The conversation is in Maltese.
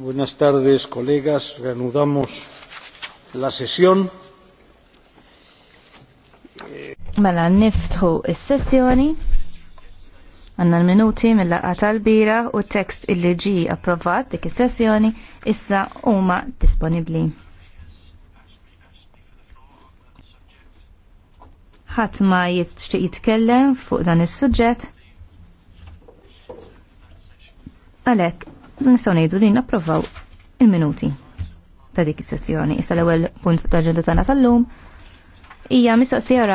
Buenas tardes, colegas. Reanudamos la sesión. Mela niftħu is-sessjoni. Għanna l-minuti mill-laqqa tal-bira u t-tekst illi ġi approvat dik is-sessjoni issa huma disponibbli. ħadd ma jitxtieq jitkellem fuq dan is-suġġett. Għalhekk nistgħu ngħidu li napprovaw il-minuti ta' dik is-sessjoni. Issa l-ewwel punt tal-aġenda tagħna tal-lum hija mistaqsija